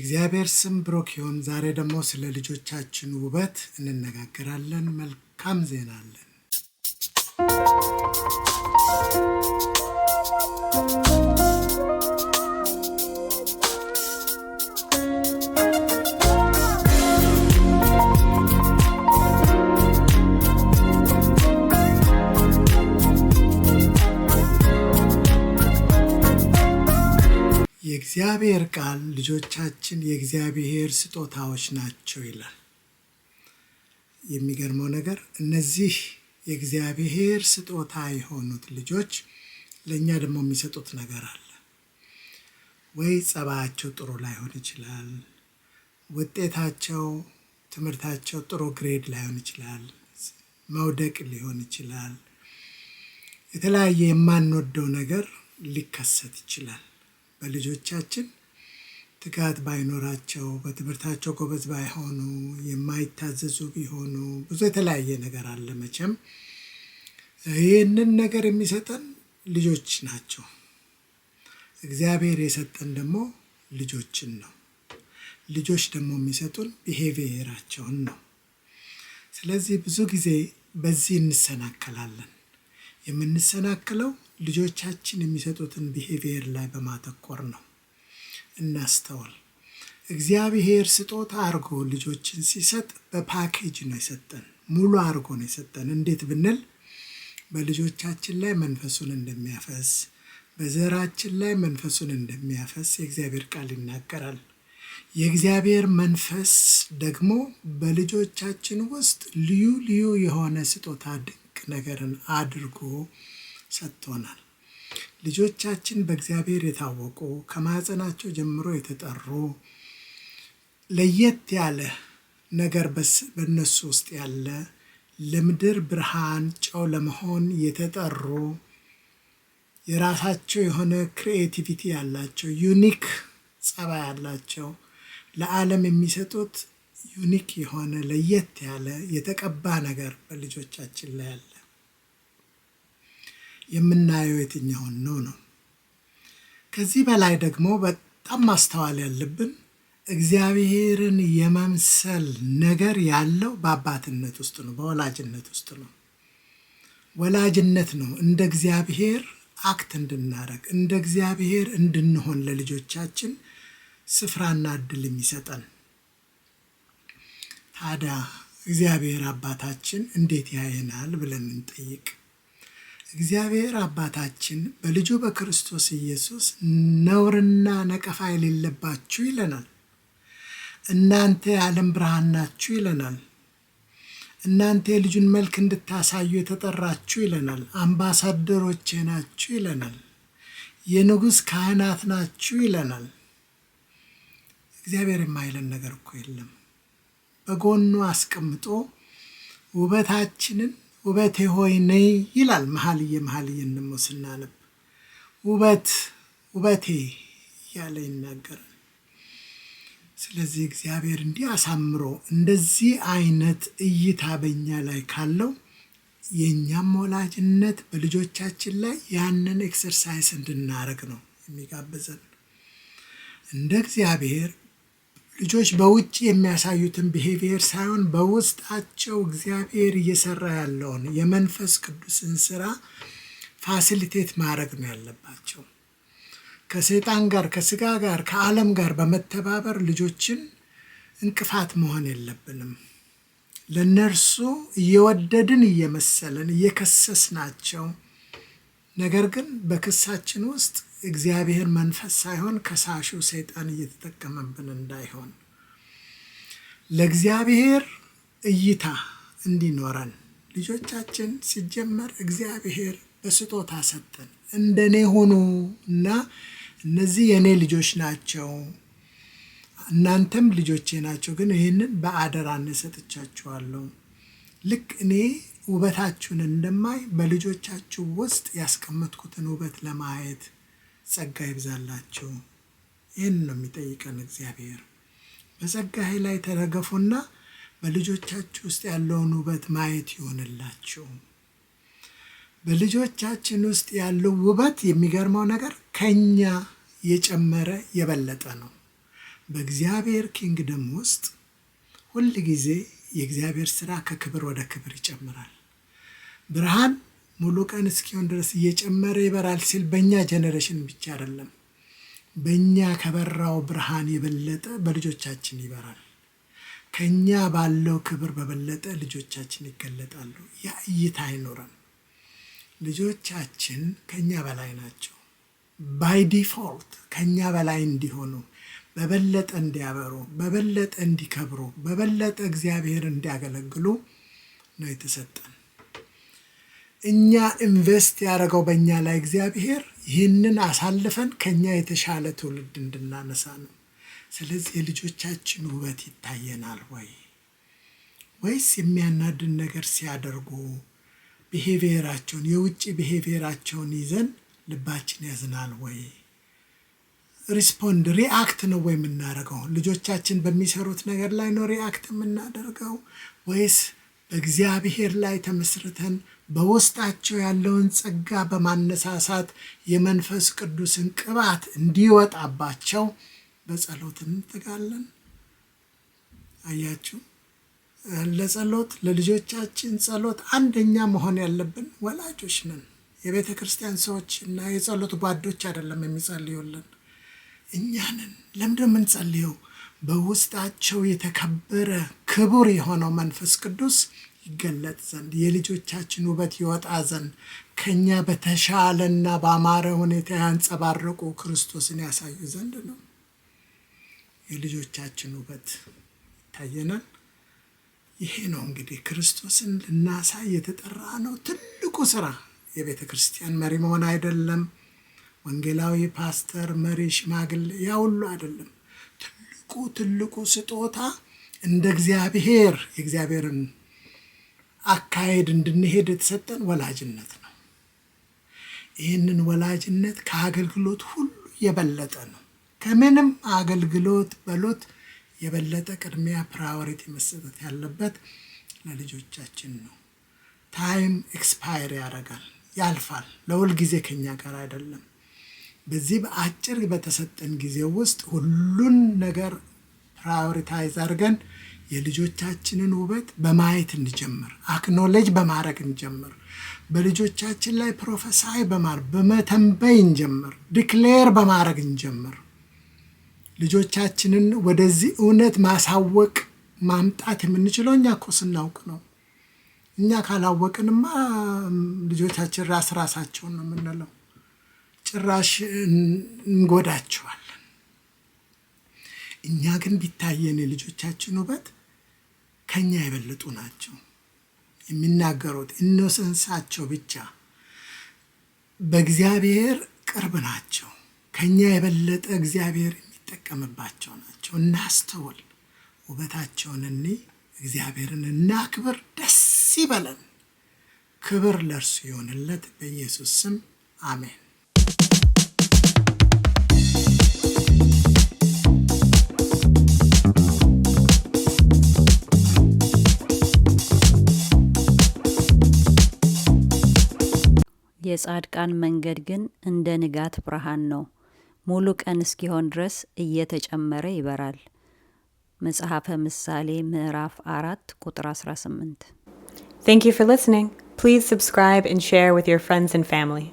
እግዚአብሔር ስም ብሩክ ይሁን። ዛሬ ደግሞ ስለ ልጆቻችን ውበት እንነጋገራለን። መልካም ዜና አለን። የእግዚአብሔር ቃል ልጆቻችን የእግዚአብሔር ስጦታዎች ናቸው ይላል። የሚገርመው ነገር እነዚህ የእግዚአብሔር ስጦታ የሆኑት ልጆች ለእኛ ደግሞ የሚሰጡት ነገር አለ። ወይ ጸባያቸው ጥሩ ላይሆን ይችላል። ውጤታቸው፣ ትምህርታቸው ጥሩ ግሬድ ላይሆን ይችላል። መውደቅ ሊሆን ይችላል። የተለያየ የማንወደው ነገር ሊከሰት ይችላል። በልጆቻችን ትጋት ባይኖራቸው በትምህርታቸው ጎበዝ ባይሆኑ የማይታዘዙ ቢሆኑ ብዙ የተለያየ ነገር አለ መቼም ይህንን ነገር የሚሰጠን ልጆች ናቸው እግዚአብሔር የሰጠን ደግሞ ልጆችን ነው ልጆች ደግሞ የሚሰጡን ቢሄቪየራቸውን ነው ስለዚህ ብዙ ጊዜ በዚህ እንሰናከላለን የምንሰናክለው ልጆቻችን የሚሰጡትን ቢሄቪየር ላይ በማተኮር ነው። እናስተውል። እግዚአብሔር ስጦታ አድርጎ ልጆችን ሲሰጥ በፓኬጅ ነው የሰጠን፣ ሙሉ አድርጎ ነው የሰጠን። እንዴት ብንል በልጆቻችን ላይ መንፈሱን እንደሚያፈስ በዘራችን ላይ መንፈሱን እንደሚያፈስ የእግዚአብሔር ቃል ይናገራል። የእግዚአብሔር መንፈስ ደግሞ በልጆቻችን ውስጥ ልዩ ልዩ የሆነ ስጦታ ድንቅ ነገርን አድርጎ ሰጥቶናል። ልጆቻችን በእግዚአብሔር የታወቁ ከማኅፀናቸው ጀምሮ የተጠሩ ለየት ያለ ነገር በእነሱ ውስጥ ያለ ለምድር ብርሃን ጨው ለመሆን የተጠሩ የራሳቸው የሆነ ክሪኤቲቪቲ ያላቸው ዩኒክ ጸባይ ያላቸው ለዓለም የሚሰጡት ዩኒክ የሆነ ለየት ያለ የተቀባ ነገር በልጆቻችን ላይ አለ። የምናየው የትኛውን ነው ነው። ከዚህ በላይ ደግሞ በጣም ማስተዋል ያለብን እግዚአብሔርን የመምሰል ነገር ያለው በአባትነት ውስጥ ነው፣ በወላጅነት ውስጥ ነው። ወላጅነት ነው እንደ እግዚአብሔር አክት እንድናደርግ እንደ እግዚአብሔር እንድንሆን ለልጆቻችን ስፍራና እድል የሚሰጠን። ታዲያ እግዚአብሔር አባታችን እንዴት ያየናል ብለን እንጠይቅ። እግዚአብሔር አባታችን በልጁ በክርስቶስ ኢየሱስ ነውርና ነቀፋ የሌለባችሁ ይለናል። እናንተ የዓለም ብርሃን ናችሁ ይለናል። እናንተ የልጁን መልክ እንድታሳዩ የተጠራችሁ ይለናል። አምባሳደሮች ናችሁ ይለናል። የንጉሥ ካህናት ናችሁ ይለናል። እግዚአብሔር የማይለን ነገር እኮ የለም። በጎኑ አስቀምጦ ውበታችንን ውበቴ ሆይ ነይ ይላል መኃልየ መኃልይ ንሞ ስናነብ ውበት ውበቴ እያለ ይናገር ስለዚህ እግዚአብሔር እንዲህ አሳምሮ እንደዚህ አይነት እይታ በኛ ላይ ካለው የእኛም ወላጅነት በልጆቻችን ላይ ያንን ኤክሰርሳይስ እንድናደርግ ነው የሚጋብዘን። እንደ እግዚአብሔር ልጆች በውጭ የሚያሳዩትን ብሄቪየር ሳይሆን በውስጣቸው እግዚአብሔር እየሰራ ያለውን የመንፈስ ቅዱስን ስራ ፋሲሊቴት ማድረግ ነው ያለባቸው። ከሰይጣን ጋር ከስጋ ጋር ከዓለም ጋር በመተባበር ልጆችን እንቅፋት መሆን የለብንም። ለነርሱ እየወደድን እየመሰልን እየከሰስናቸው፣ ነገር ግን በክሳችን ውስጥ እግዚአብሔር መንፈስ ሳይሆን ከሳሹ ሰይጣን እየተጠቀመብን እንዳይሆን ለእግዚአብሔር እይታ እንዲኖረን ልጆቻችን ሲጀመር እግዚአብሔር በስጦታ ሰጠን። እንደ እኔ ሁኑ እና እነዚህ የእኔ ልጆች ናቸው፣ እናንተም ልጆቼ ናቸው፣ ግን ይህንን በአደራነት ሰጥቻችኋለሁ። ልክ እኔ ውበታችሁን እንደማይ በልጆቻችሁ ውስጥ ያስቀመጥኩትን ውበት ለማየት ጸጋ ይብዛላችሁ። ይህን ነው የሚጠይቀን እግዚአብሔር። በጸጋዬ ላይ ተረገፉና በልጆቻችሁ ውስጥ ያለውን ውበት ማየት ይሆንላችሁ። በልጆቻችን ውስጥ ያለው ውበት የሚገርመው ነገር ከኛ የጨመረ የበለጠ ነው። በእግዚአብሔር ኪንግደም ውስጥ ሁል ጊዜ የእግዚአብሔር ስራ ከክብር ወደ ክብር ይጨምራል። ብርሃን ሙሉ ቀን እስኪሆን ድረስ እየጨመረ ይበራል ሲል በእኛ ጀኔሬሽን ብቻ አይደለም፣ በእኛ ከበራው ብርሃን የበለጠ በልጆቻችን ይበራል። ከኛ ባለው ክብር በበለጠ ልጆቻችን ይገለጣሉ። ያ እይታ አይኖረን። ልጆቻችን ከኛ በላይ ናቸው። ባይ ዲፎልት ከኛ በላይ እንዲሆኑ በበለጠ እንዲያበሩ በበለጠ እንዲከብሩ በበለጠ እግዚአብሔር እንዲያገለግሉ ነው የተሰጠን። እኛ ኢንቨስት ያደረገው በእኛ ላይ እግዚአብሔር ይህንን አሳልፈን ከኛ የተሻለ ትውልድ እንድናነሳ ነው። ስለዚህ የልጆቻችን ውበት ይታየናል ወይ ወይስ የሚያናድን ነገር ሲያደርጉ ብሄቪየራቸውን የውጭ ብሄቪየራቸውን ይዘን ልባችን ያዝናል ወይ? ሪስፖንድ ሪአክት ነው ወይ የምናደርገው? ልጆቻችን በሚሰሩት ነገር ላይ ነው ሪአክት የምናደርገው ወይስ በእግዚአብሔር ላይ ተመስርተን በውስጣቸው ያለውን ጸጋ በማነሳሳት የመንፈስ ቅዱስን ቅባት እንዲወጣባቸው በጸሎት እንጥጋለን። አያችሁ፣ ለጸሎት ለልጆቻችን ጸሎት አንደኛ መሆን ያለብን ወላጆች ነን። የቤተ ክርስቲያን ሰዎች እና የጸሎት ጓዶች አይደለም የሚጸልዩልን፣ እኛንን ለምንድን የምንጸልየው በውስጣቸው የተከበረ ክቡር የሆነው መንፈስ ቅዱስ ይገለጥ ዘንድ የልጆቻችን ውበት ይወጣ ዘንድ ከኛ በተሻለና በአማረ ሁኔታ ያንጸባረቁ ክርስቶስን ያሳዩ ዘንድ ነው። የልጆቻችን ውበት ይታየናል። ይሄ ነው እንግዲህ ክርስቶስን ልናሳይ የተጠራ ነው። ትልቁ ስራ የቤተ ክርስቲያን መሪ መሆን አይደለም። ወንጌላዊ፣ ፓስተር፣ መሪ፣ ሽማግሌ ያ ሁሉ አይደለም። ትልቁ ትልቁ ስጦታ እንደ እግዚአብሔር የእግዚአብሔርን አካሄድ እንድንሄድ የተሰጠን ወላጅነት ነው። ይህንን ወላጅነት ከአገልግሎት ሁሉ የበለጠ ነው። ከምንም አገልግሎት በሎት የበለጠ ቅድሚያ ፕራዮሪቲ መሰጠት ያለበት ለልጆቻችን ነው። ታይም ኤክስፓየር ያደርጋል፣ ያልፋል። ለሁል ጊዜ ከኛ ጋር አይደለም። በዚህ በአጭር በተሰጠን ጊዜ ውስጥ ሁሉን ነገር ፕራዮሪታይዝ አድርገን የልጆቻችንን ውበት በማየት እንጀምር፣ አክኖሌጅ በማድረግ እንጀምር፣ በልጆቻችን ላይ ፕሮፌሳይ በማድረግ በመተንበይ እንጀምር፣ ዲክሌር በማድረግ እንጀምር። ልጆቻችንን ወደዚህ እውነት ማሳወቅ ማምጣት የምንችለው እኛ እኮ ስናውቅ ነው። እኛ ካላወቅንማ ልጆቻችን ራስ ራሳቸውን ነው የምንለው። ጭራሽ እንጎዳቸዋለን። እኛ ግን ቢታየን የልጆቻችን ውበት ከኛ የበለጡ ናቸው። የሚናገሩት እነሰንሳቸው ብቻ በእግዚአብሔር ቅርብ ናቸው። ከኛ የበለጠ እግዚአብሔር የሚጠቀምባቸው ናቸው። እናስተውል፣ ውበታቸውን እኔ እግዚአብሔርን እናክብር፣ ደስ ይበለን። ክብር ለእርሱ ይሆንለት። በኢየሱስ ስም አሜን። የጻድቃን መንገድ ግን እንደ ንጋት ብርሃን ነው፣ ሙሉ ቀን እስኪሆን ድረስ እየተጨመረ ይበራል። መጽሐፈ ምሳሌ ምዕራፍ አራት ቁጥር 18። Thank you for listening. Please subscribe and share with your friends and family.